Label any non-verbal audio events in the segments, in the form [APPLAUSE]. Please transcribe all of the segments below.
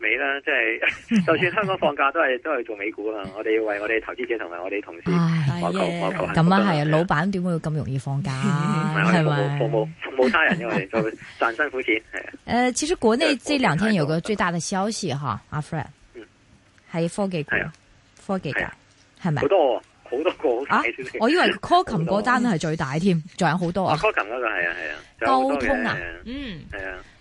美啦，即、就、係、是、就算香港放假都係都係做美股啊！ [LAUGHS] 我哋要為我哋投資者同埋我哋同事，咁、哎、啊係啊,啊！老闆點會咁容易放假？服務服務服務差人因嘅，賺 [LAUGHS] 辛苦錢係。誒、啊呃，其實國內呢兩天有個最大嘅消息哈，阿 Fred，嗯，係科技股，是啊、科技界係咪？好多、啊，好多個啊！我以為 Qualcomm 嗰單係最大添，仲有好多啊！Qualcomm 嗰個係啊係啊，高通啊，嗯，係啊。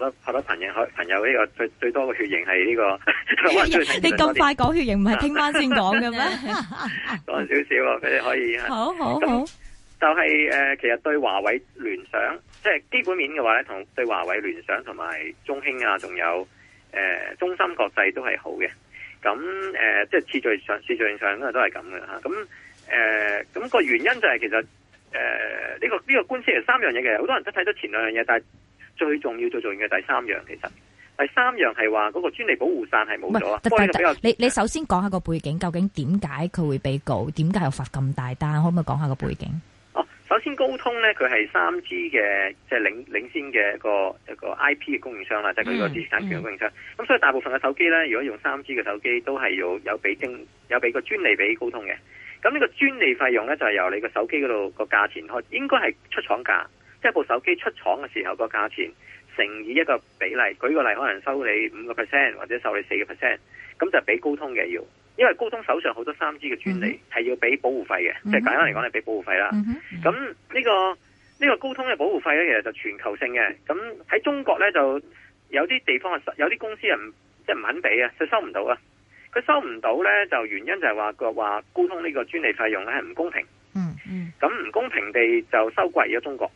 好多，多朋友，朋友呢、這個最最多嘅血型係呢、這個。 [LAUGHS] 多 [LAUGHS] 你咁快講血型唔係聽晚先講嘅咩？講 [LAUGHS] [LAUGHS] 少少，佢哋可以好 [LAUGHS] 好。好，好就係、是、誒、就是呃，其實對華為聯想，即、就、係、是、基本面嘅話咧，同對華為聯想同埋中興啊，仲有誒、呃、中芯國際都係好嘅。咁誒，即、呃、係、就是、次序上次序上都係都係咁嘅吓。咁誒，咁、呃那個原因就係、是、其實誒呢、呃這個呢、這個官司係三樣嘢嘅，好多人都睇到前兩樣嘢，但係。最重要、最重要嘅第三樣，其實第三樣係話嗰個專利保護傘係冇咗啊！你你首先講下個背景，究竟點解佢會被告？點解又罰咁大單，可唔可以講下個背景？哦，首先高通呢，佢係三 G 嘅，即係領領先嘅一個一個 IP 嘅供應商啦，即係佢個知識產權嘅供應商。咁、嗯嗯、所以大部分嘅手機呢，如果用三 G 嘅手機都係要有俾精有俾個專利俾高通嘅。咁呢個專利費用呢，就係由你個手機嗰度個價錢開應該係出廠價。即係部手機出廠嘅時候個價錢，乘以一個比例。舉個例，可能收你五個 percent 或者收你四個 percent，咁就俾高通嘅要。因為高通手上好多三 G 嘅專利，係要俾保護費嘅。即係簡單嚟講，係俾保護費啦。咁呢個呢個高通嘅保護費咧，其實就全球性嘅。咁喺中國咧，就有啲地方啊，有啲公司人即係唔肯俾啊，就收唔到啊。佢收唔到咧，就原因就係話個話高通呢個專利費用咧係唔公平。嗯，嗯。咁唔公平地就收貴咗中國。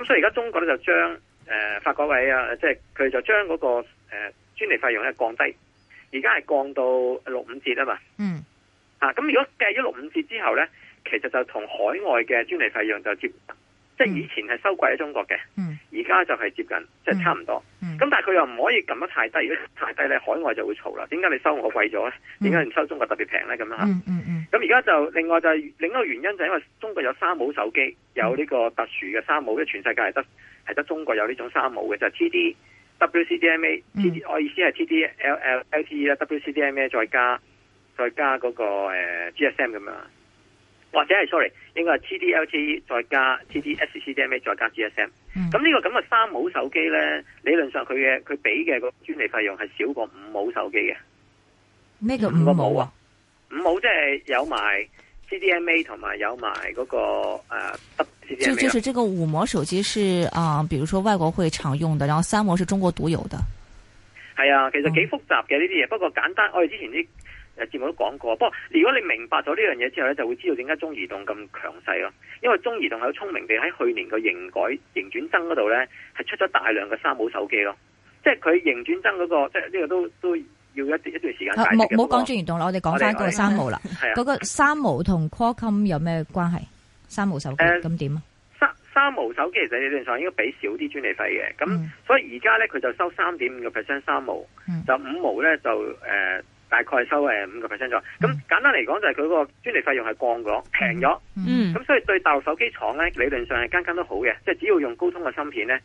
咁、嗯、所以而家中國咧就將誒發改委啊，即係佢就將嗰、那個誒、呃、專利費用咧降低，而家係降到六五折啊嘛。嗯。嚇、啊，咁如果計咗六五折之後咧，其實就同海外嘅專利費用就接，即係以前係收貴喺中國嘅。而、嗯、家就係接近，嗯、即係差唔多。咁、嗯、但係佢又唔可以撳得太低，如果太低咧，海外就會嘈啦。點解你收我貴咗咧？點解唔收中國特別平咧？咁樣嚇。嗯嗯。嗯。咁而家就另外就係另外一個原因就係因為中國有三模手機，有呢個特殊嘅三模，即係全世界係得係得中國有呢種三模嘅，就係 T D、W C D M A。TD，我意思係 T D L L T E 啦，W C D M A 再加再加嗰，那個誒 G S M 咁樣，或者係 sorry，應該係 T D L T E 再加 T D S C D M A 再加 G S M、嗯。咁呢個咁嘅三模手機咧，理論上佢嘅佢俾嘅個專利費用係少過五模手機嘅。呢個五個模啊？即係有埋 CDMA 同埋有埋、那、嗰個誒，呃、CCMA，就就是這個五模手機是啊、呃，比如說外國會常用的，然後三模是中國獨有的。係啊，其實幾複雜嘅呢啲嘢，不過簡單，我哋之前啲誒節目都講過。不過如果你明白咗呢樣嘢之後咧，就會知道點解中移動咁強勢咯。因為中移動係好聰明地喺去年嘅營改營轉增嗰度咧，係出咗大量嘅三模手機咯。即係佢營轉增嗰個，即係呢個都都。要一一段時間，冇冇講轉移動啦，我哋講翻個三毛啦。嗰、啊那個三毛同 Qualcomm 有咩關係？三毛手機咁點啊？三、uh, 三毛手機其實理論上應該俾少啲專利費嘅，咁、嗯、所以而家咧佢就收三點五個 percent 三毛，嗯、就五毛咧就誒、呃、大概收誒五個 percent 咗。咁簡單嚟講就係佢個專利費用係降咗，平咗。嗯、咁、嗯嗯、所以對大陸手機廠咧理論上係間間都好嘅，即、就、係、是、只要用高通嘅芯片咧，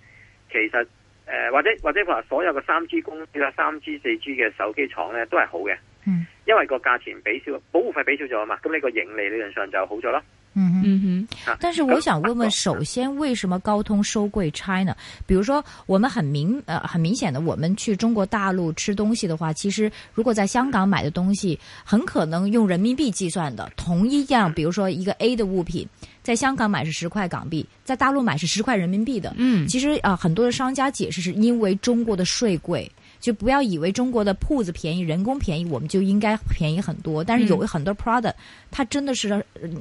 其實。誒、呃、或者或者話所有嘅三 G 公司啦、三 G 四 G 嘅手機廠咧都係好嘅、嗯，因為個價錢畀少保護費畀少咗啊嘛，咁呢個盈利理論上就好咗咯。嗯哼，但是我想問問，首先為什麼高通收貴 China？啊啊、比如說，我們很明呃很明顯的，我們去中國大陸吃東西的話，其實如果在香港買嘅東西，很可能用人民幣計算的同一樣，比如說一個 A 的物品。在香港買是十塊港幣，在大陸買是十塊人民幣的、嗯。其實啊、呃，很多的商家解釋是因為中國的稅貴，就不要以為中國的鋪子便宜、人工便宜，我們就應該便宜很多。但是有很多 product，它真的是，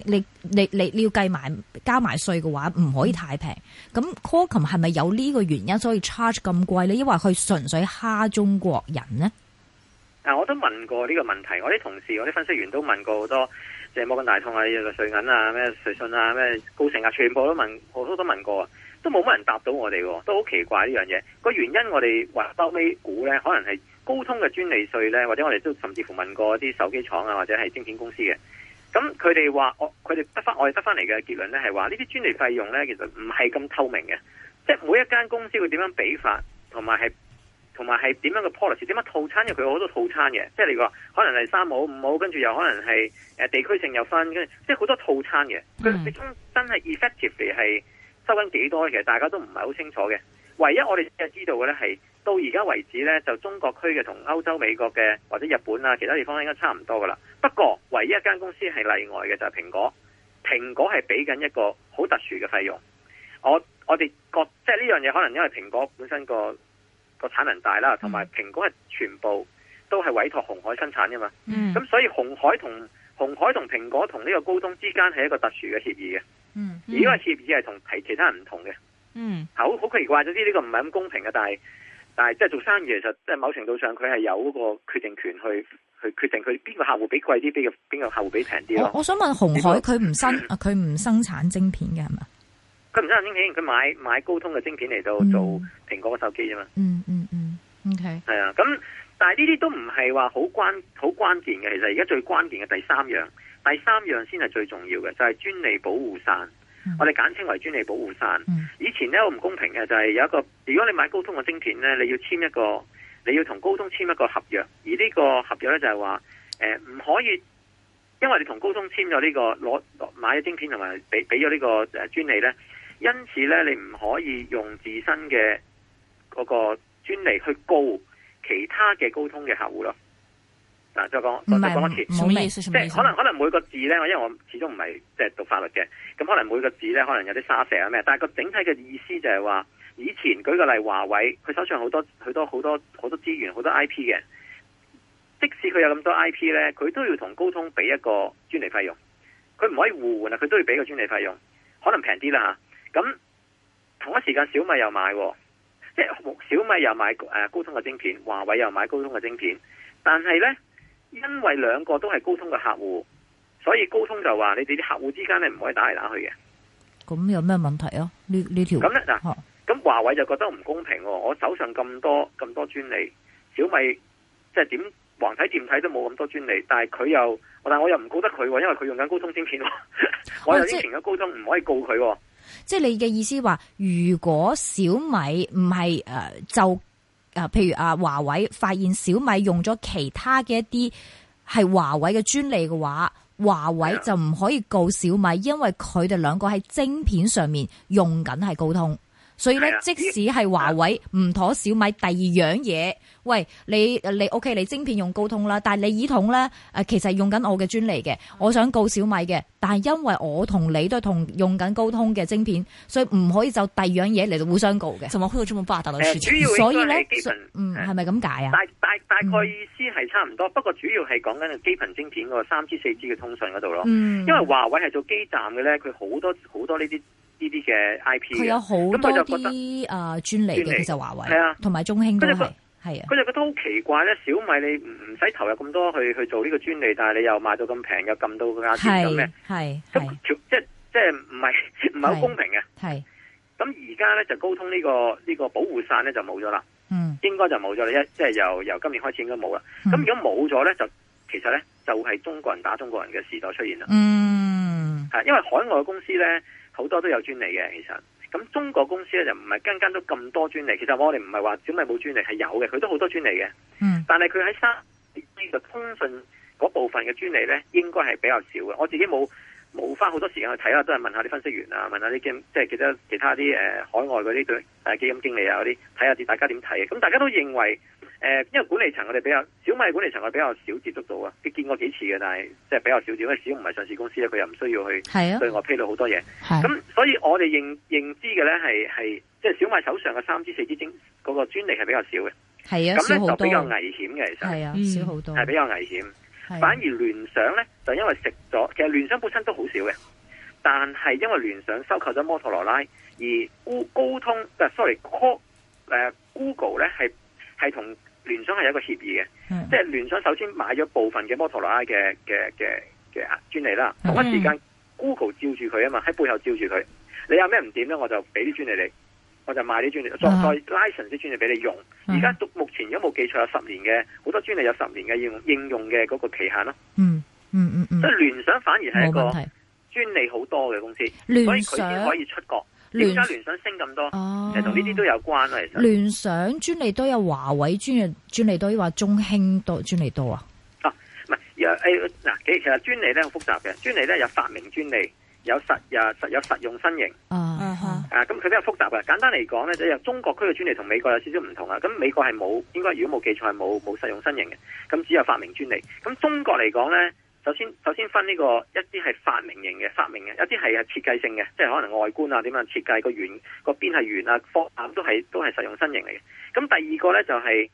你你你要計埋，加埋稅嘅話唔可以太平。咁 Qualcomm 係咪有呢個原因所以 charge 咁貴呢？因為佢純粹蝦中國人呢。我都問過呢個問題，我啲同事、我啲分析員都問過好多。即係摩根大通啊，瑞銀啊，咩瑞信啊，咩高盛啊，全部都問，好多都問過，都冇乜人答到我哋，啊，都好奇怪呢樣嘢。個原因我哋話收尾估咧，可能係高通嘅專利稅咧，或者我哋都甚至乎問過一啲手機廠啊，或者係晶片公司嘅。咁佢哋話，我佢哋得翻，我哋得翻嚟嘅結論咧係話，呢啲專利費用咧，其實唔係咁透明嘅，即係每一間公司會點樣比法，同埋係。同埋係點樣嘅 policy？點樣套餐嘅？因為佢有好多套餐嘅，即係你話可能係三五五，跟住又可能係地區性又分，跟住即係好多套餐嘅。佢、mm. 最終真係 effectively 係收緊幾多嘅？其實大家都唔係好清楚嘅。唯一我哋知道嘅呢，係到而家為止呢，就中國區嘅同歐洲、美國嘅或者日本啊其他地方應該差唔多噶啦。不過唯一一間公司係例外嘅就係、是、蘋果，蘋果係俾緊一個好特殊嘅費用。我我哋覺即係呢樣嘢可能因為蘋果本身個。個產能大啦，同埋蘋果係全部都係委託紅海生產嘅嘛，咁、嗯、所以紅海同紅海同蘋果同呢個高通之間係一個特殊嘅協議嘅、嗯嗯，而呢個協議係同其他人唔同嘅，係好好奇怪，總之呢個唔係咁公平嘅，但係但係即係做生意，其實即係某程度上佢係有嗰個決定權去去決定佢邊個客戶俾貴啲，邊個邊個客戶俾平啲咯。我想問紅海佢唔生佢唔生產晶片嘅係嘛？咁佢唔使用晶片，佢買買高通嘅晶片嚟到做蘋果嘅手機啫嘛。嗯嗯嗯，OK，係啊。咁、嗯、但係呢啲都唔係話好關好關鍵嘅。其實而家最關鍵嘅第三樣，第三樣先係最重要嘅，就係、是、專利保護傘。我哋簡稱為專利保護傘、嗯。以前咧好唔公平嘅就係、是、有一個，如果你買高通嘅晶片咧，你要簽一個，你要同高通簽一個合約。而呢個合約咧就係話，誒、呃、唔可以，因為你同高通簽咗呢個攞買咗晶片同埋俾俾咗呢個誒專利咧。因此咧，你唔可以用自身嘅嗰個專利去告其他嘅高通嘅客戶咯。嗱，再講，再講一次，冇意思，即係可能可能每個字咧，因為我始終唔係即係讀法律嘅，咁可能每個字咧，可能有啲沙石啊咩，但係個整體嘅意思就係話，以前舉個例，華為佢手上好多好多好多好多資源，好多 IP 嘅，即使佢有咁多 IP 咧，佢都要同高通俾一個專利費用，佢唔可以互換啊，佢都要俾個專利費用，可能平啲啦吓。咁同一時間，小米又買、哦，即係小米又買誒高通嘅晶片，華為又買高通嘅晶片。但係呢，因為兩個都係高通嘅客戶，所以高通就話你哋啲客戶之間呢，唔可以打嚟打去嘅。咁有咩問題啊？條呢呢條咁嗱，咁華為就覺得唔公平、哦。我手上咁多咁多專利，小米即係點橫睇掂睇都冇咁多專利，但係佢又，但係我又唔告得佢、哦，因為佢用緊高通晶片、哦 [LAUGHS] 啊，我有啲前嘅高通唔可以告佢、哦。啊啊即係你嘅意思話，如果小米唔係誒就誒、呃，譬如阿、啊、華為發現小米用咗其他嘅一啲係華為嘅專利嘅話，華為就唔可以告小米，因為佢哋兩個喺晶片上面用緊係高通。所以咧，即使係華為唔妥小米第二樣嘢，喂，你你 OK，你晶片用高通啦，但係你耳筒咧，誒，其實用緊我嘅專利嘅，我想告小米嘅，但係因為我同你都係同用緊高通嘅晶片，所以唔可以就第二樣嘢嚟到互相告嘅，同埋好多咁嘅霸達嘅事情。所以咧，嗯，係咪咁解啊？大大大概意思係差唔多，不過主要係講緊基頻晶片嗰個三 G 四 G 嘅通訊嗰度咯。因為華為係做基站嘅咧，佢好多好多呢啲。呢啲嘅 IP 佢有好多啲啊專利嘅，其實華為係啊，同埋中興都係啊。佢就覺得好奇怪咧，小米你唔唔使投入咁多去去做呢個專利，但係你又賣到咁平，又撳到個價錢咁咩？係咁即即係唔係唔係好公平嘅？係咁而家咧就高通呢個呢個保護傘咧就冇咗啦。嗯，應該就冇咗啦。一即係由由今年開始應該冇啦。咁、嗯、如果冇咗咧，就其實咧就係係中國人打中國人嘅時代出現啦。嗯，係因為海外公司咧。好多都有專利嘅，其實咁中國公司咧就唔係間間都咁多專利，其實我哋唔係話小米冇專利，係有嘅，佢都好多專利嘅。嗯、mm.，但係佢喺沙呢個通訊嗰部分嘅專利咧，應該係比較少嘅。我自己冇。冇花好多時間去睇下，都係問下啲分析員啊，問下啲即係其他其他啲海外嗰啲對誒基金經理啊嗰啲睇下啲大家點睇嘅。咁大家都認為誒，因為管理層我哋比較小米管理層我比較少接觸到啊，見過幾次嘅，但係即係比較少少，因為小米唔係上市公司咧，佢又唔需要去對外披露好多嘢。係啊，咁所以我哋認認知嘅咧係係即係小米手上嘅 3G4G 精嗰個專利係比較少嘅。係啊，咁咧就比較危險嘅，其實係啊，少好多係比較危險。反而聯想咧，就因為食咗，其實聯想本身都好少嘅，但係因為聯想收購咗摩托羅拉，而高高通，sorry，call 誒、呃、Google 咧係係同聯想係有一個協議嘅、嗯，即係聯想首先買咗部分嘅摩托羅拉嘅嘅嘅嘅專利啦，同一時間、嗯、Google 照住佢啊嘛，喺背後照住佢，你有咩唔掂咧，我就俾啲專利你。我就賣啲專利，再 license 啲、啊、專利俾你用。而家到目前，有冇記錯，有十年嘅，好多專利有十年嘅應應用嘅嗰個期限咯、啊。嗯嗯嗯，即係聯想反而係一個專利好多嘅公司，所以佢先可以出國。點解聯想升咁多？係同呢啲都有關聯、啊、想專利都有，華為專利專利多，話中興多專利多啊。啊，唔係嗱，其實專利咧複雜嘅，專利咧有發明專利。有實日實有實用新型、嗯，啊，嚇，啊，咁佢比較複雜嘅。簡單嚟講咧，即係中國區嘅專利同美國有少少唔同啊。咁美國係冇，應該如果冇記錯係冇冇實用新型嘅。咁只有發明專利。咁中國嚟講咧，首先首先分呢個一啲係發明型嘅發明嘅，一啲係設計性嘅，即係可能外觀啊，點樣設計個圓，個邊係圓啊，方，都係都係實用新型嚟嘅。咁第二個咧，就係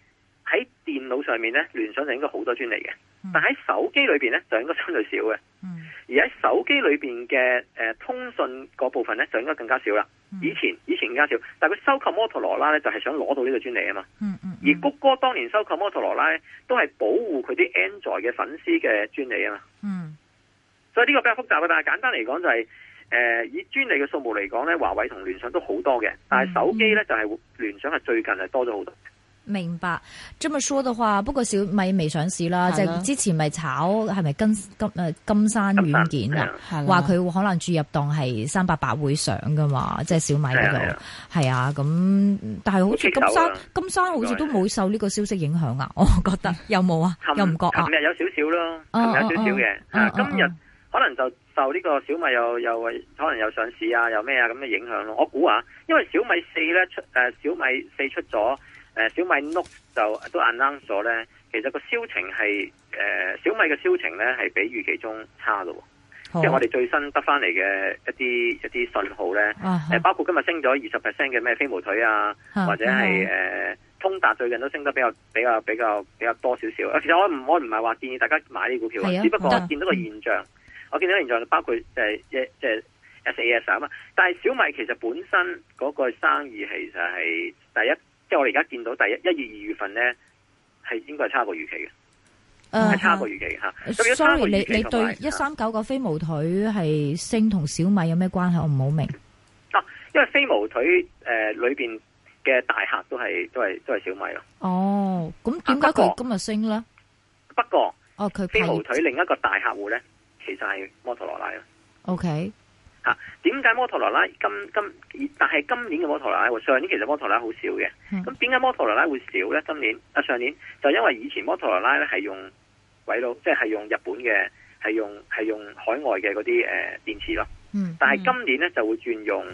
喺電腦上面咧，聯想就應該好多專利嘅。但喺手機裏邊咧，就應該相對少嘅、嗯。而喺手機裏邊嘅誒通訊嗰部分咧，就應該更加少啦、嗯。以前以前更加少，但係佢收購摩托羅拉咧，就係、是、想攞到呢個專利啊嘛、嗯嗯。而谷歌當年收購摩托羅拉呢都係保護佢啲 Android 嘅粉絲嘅專利啊嘛、嗯。所以呢個比較複雜嘅，但係簡單嚟講就係、是、誒、呃、以專利嘅數目嚟講咧，華為同聯想都好多嘅，但係手機咧就係、是、聯想係最近係多咗好多。明白，咁啊說的話，不過小米未上市啦，即係、啊就是、之前咪炒係咪金金誒金山軟件是啊，話佢、啊、可能注入當係三百八會上噶嘛，即、就、係、是、小米嗰度係啊，咁、啊啊、但係好似金山、啊、金山好似都冇受呢個消息影響啊，我覺得有冇啊，有沒有又唔覺得、啊，琴日有少少咯，有少少嘅、啊啊啊啊啊，今日可能就受呢個小米又又可能又上市啊，又咩啊咁嘅影響咯，我估啊，因為小米四咧出誒小米四出咗。誒、呃，小米 Note 就都 unlock 咗咧。其實個銷情係誒、呃，小米嘅銷情咧係比預期中差咯。即、oh. 係我哋最新得翻嚟嘅一啲一啲信號咧，誒、uh-huh.，包括今日升咗二十 percent 嘅咩飛毛腿啊，uh-huh. 或者係誒、呃、通達最近都升得比較比較比較比較多少少。其實我我唔係話建議大家買呢啲股票，啊， [MUSIC] 只不過我見到個現象， [MUSIC] 我見到個現象包括誒一即係 SAS 啊嘛。但係小米其實本身嗰個生意其實係第一。即係我哋而家見到，第一一二、二月，月份咧，係應該係差過預期嘅，係、uh, 差過預期嚇。Uh, sorry，你你對一三九個飛毛腿係升同小米有咩關係？我唔好明白。啊，因為飛毛腿誒裏邊嘅大客都係都係都係小米咯。哦、oh,，咁點解佢今日升咧？不過，哦，佢飛毛腿另一個大客戶咧，其實係摩托羅拉啦。OK。吓、啊，點解摩托羅拉今今但係今年嘅摩托羅拉，上年其實摩托羅拉好少嘅。咁點解摩托羅拉會少咧？今年啊上年就是、因為以前摩托羅拉咧係用鬼佬，即係用日本嘅，係用係用海外嘅嗰啲誒電池咯、嗯嗯。但係今年咧就會轉用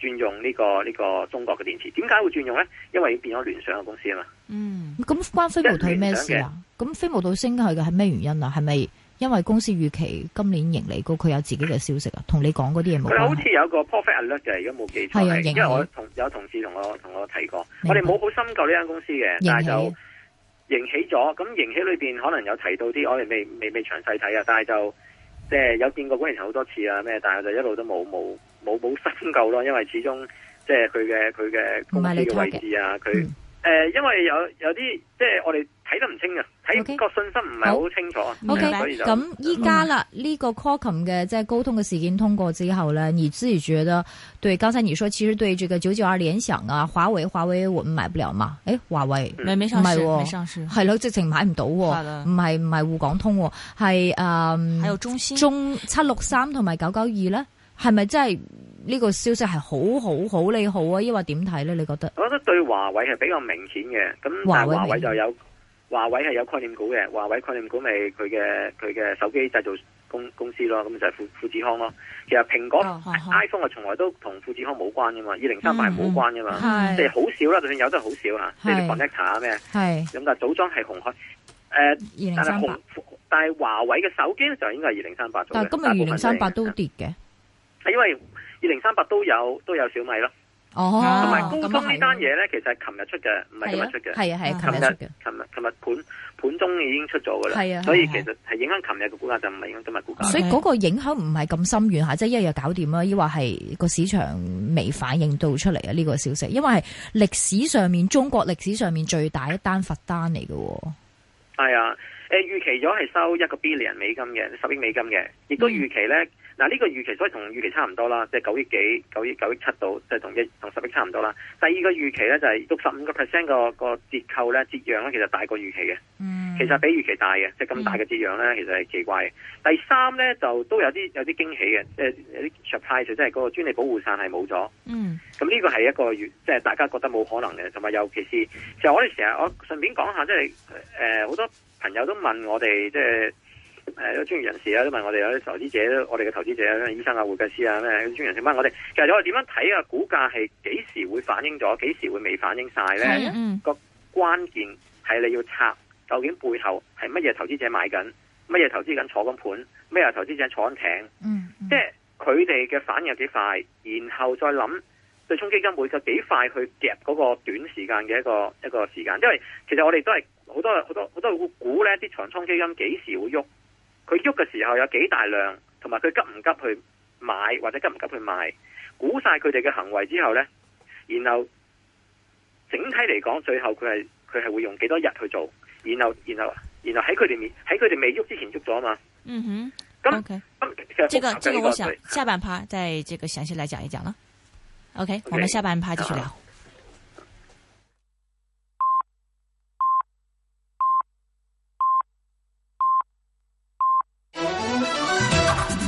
轉用呢、呢個呢、呢個中國嘅電池。點解會轉用咧？因為變咗聯想嘅公司啊嘛。嗯。咁關飛毛腿咩事啊？咁飛毛腿升起嘅係咩原因啊？係咪？是不是因為公司預期今年盈利高，佢有自己嘅消息啊，同你講嗰啲嘢冇關係。佢好似有一個 profit alert 就係如果冇記錯，係啊，因為我同有同事同我同我提過，我哋冇好深究呢間公司嘅，但係就盈起咗。咁盈起裏邊可能有提到啲，我哋未未未詳細睇啊。但係就即係、就是、有見過管理好多次啊咩，但係就一路都冇冇冇冇深究咯。因為始終即係佢嘅佢嘅公司嘅位置啊，佢誒、嗯呃，因為有有啲即係我哋。睇得唔清啊！睇個信心唔係好清楚。O K，咁依家啦，呢、嗯這個 c 嘅即係高通嘅事件通過之後咧，你自己覺得對。剛才你說其實對這個九九二聯想啊，華為，華為我們買不了嘛？誒，華為沒、嗯哦、沒上市，哦、沒上市是直情買唔到唔係唔係滬港通、哦，係誒、呃、中七六三同埋九九二咧，係咪真係呢個消息係好好好利好啊？抑或點睇呢？你覺得我覺得對華為係比較明顯嘅，咁華，華為就有。華為係有概念股嘅，華為概念股咪佢嘅佢嘅手機製造公公司咯，咁就係、是、富富士康咯。其實蘋果、哦哦、iPhone 係從來都同富士康冇關噶嘛，二零三八係冇關噶嘛、嗯嗯，即係好少啦。就算有都係好少啦，你哋 f o u n e e t 啊咩，咁、嗯、但係組裝係鴻海誒、呃、但係華為嘅手機就應該係二零三八咗。但係二零三八都跌嘅，係因為二零三八都有都有小米咯。哦，同埋高通呢單嘢咧，其實係琴日出嘅，唔、嗯、係今日出嘅。係啊係啊，琴日、啊啊、出嘅，琴日琴日盤盤中已經出咗嘅啦。係啊，所以其實係影響琴日嘅股價，就唔係影響今日股價、啊。所以嗰個影響唔係咁深遠吓，即係一日搞掂啦。抑或係個市場未反應到出嚟啊呢個消息，因為係歷史上面中國歷史上面最大一單罰單嚟嘅。係啊，誒、呃、預期咗係收一個 billion 美金嘅十億美金嘅，亦都預期咧。嗯嗱、這、呢個預期，所以同預期差唔多啦，即係九億幾、九億九億七度，即係同一、同十億差唔多啦。第二個預期咧就係六十五個 percent 個個折扣咧，折讓咧其實大過預期嘅，嗯，其實比預期大嘅，即係咁大嘅折讓咧，其實係奇怪嘅、嗯。第三咧就都有啲有啲驚喜嘅，即、就、係、是、有啲 surprise 即係嗰個專利保護傘係冇咗，嗯，咁呢個係一個即係、就是、大家覺得冇可能嘅，同埋尤其是就我哋成日我順便講下，即係誒好多朋友都問我哋即係。就是誒，有專業人士啊，因為我哋有啲投資者，我哋嘅投資者，咩醫生啊、會計師啊、咩專業人士問我哋。咁我哋其實我哋點樣睇啊？股價係幾時會反映咗？幾時會未反映晒咧？個、啊嗯、關鍵係你要拆，究竟背後係乜嘢投資者買緊？乜嘢投資緊坐緊盤？咩啊？投資者坐緊艇？嗯，嗯即係佢哋嘅反應有幾快？然後再諗對沖基金會有幾快去夾嗰個短時間嘅一個一個時間。因為其實我哋都係好多好多好多股股咧，啲長倉基金幾時會喐？佢喐嘅時候有幾大量，同埋佢急唔急去買或者急唔急去賣，估晒佢哋嘅行為之後咧，然後整體嚟講，最後佢係佢係會用幾多日去做，然後然後然後喺佢哋面喺佢哋未喐之前喐咗啊嘛。嗯哼嗯，OK，這個、這個這個我想下半 part 再個詳細嚟講一講啦。Okay, OK，我們下半 part 繼續聊。啊